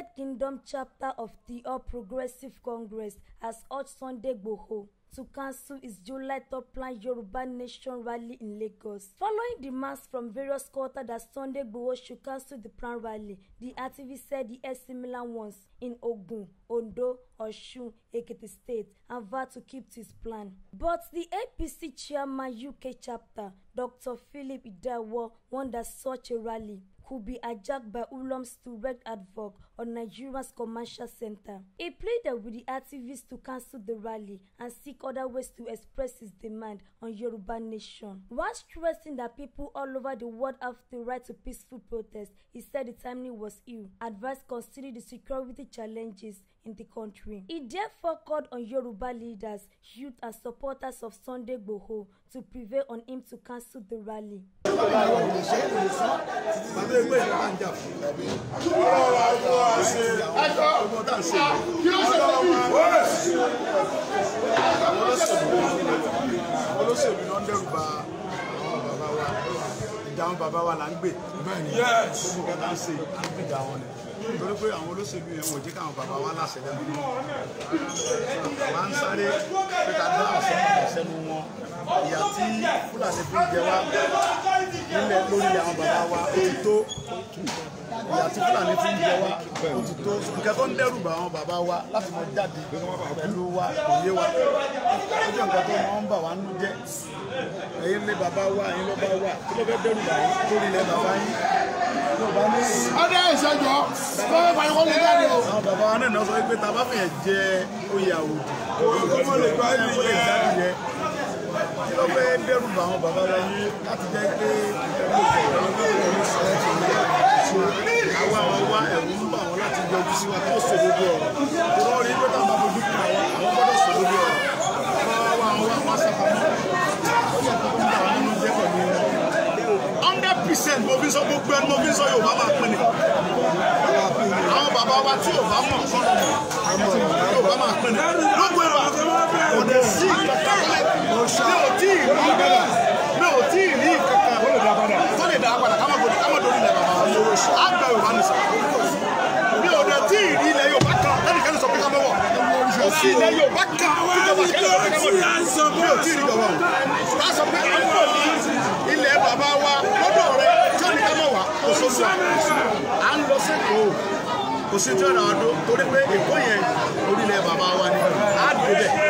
United Kingdom chapter of the All Progressive Congress has urged Sunday Igboho to cancel its July top plan Yoruba Nation rally in Lagos. Following demands from various quarters that Sunday Igboho should cancel the planned rally, the activist said he had similar ones in Ogun, Ondo, Osun, Ekiti State, and vowed to keep to his plan. But the APC chairman UK chapter, Dr. Philip Idawo, warned that such a rally Could be attacked by Ulam's to Turek advog on Nigeria's commercial center. He pleaded with the activists to cancel the rally and seek other ways to express his demand on Yoruba nation. While stressing that people all over the world have the right to peaceful protest, he said the timing was ill, advised considering the security challenges in the country. He therefore called on Yoruba leaders, youth and supporters of Sunday Igboho to prevail on him to cancel the rally bàbá wa ò ń jà fún ọmọ kẹta ń ṣe à ń gbèjà wọn ni torí pé àwọn olóṣèlú yẹn wò jẹ́ káwọn bàbá wa láṣẹ lẹ́nu mọ́ àwa ń sáré pé ká dá àṣẹ sẹ́nu wọn ìyà tí fúlàní fi jẹ wá nílẹ̀ lórí àwọn bàbá wa ó ti tó ìyá tí fúlàní fi ń jẹ wa ó ti tó nǹkan tó ń dẹ́rù bá àwọn bàbá wa láti mọ jáde pẹ̀lú wa kò yé wa ó jẹ́ nǹkan tó máa ń bà wá nú jẹ́ ẹ̀yin lé bàbá wa ẹ̀yin ló bá wà ló fẹ́ dẹ́rù bá yín lórí ilẹ̀ bàbá yín ọdẹ ìṣẹjọ lọ́wọ́ ìpàdé kọ́ ló jáde o. àwọn bàbá wa náà sọ pé tá a bá fẹ̀yẹ̀ jẹ oyè àwòdì kó o lè gbá ẹ̀ gbogbo àwọn bàbá wa ní láti jẹ́ pé àwa àwọn wa ẹ̀rù ń bà wọ́n láti yọjú sí wa tó sòdodo ọ̀rọ̀ tó lọ́ọ́ rí pé bá fojú kan àwọn àwọn gbọ́dọ̀ sòdodo ọ̀rọ̀ bàbá wa àwọn wa wọ́n ṣàpamọ́ ó yẹ kó ń bà wọ́n nínú jẹ́ pẹ̀lú hundred percent mo fi sọ gbogbo ẹni mo fi sọ Yorùbá máa pinni àwọn bàbá wa tí Yorùbá mọ̀ sọ́nà sí ilẹ̀ Yorùbá kan ìjọba kẹlẹ́ ọ̀rọ̀ kẹlẹ́ ọ̀rọ̀ mi a sọ a ń lò ní ilẹ̀ bàbá wa lọ́dọ̀ rẹ tí ká mọ̀ wá kò à ń lọ sí èkó kò sí tí torí pé èkó yẹn orílẹ̀ bàbá wa ni á dé bẹ́ẹ̀.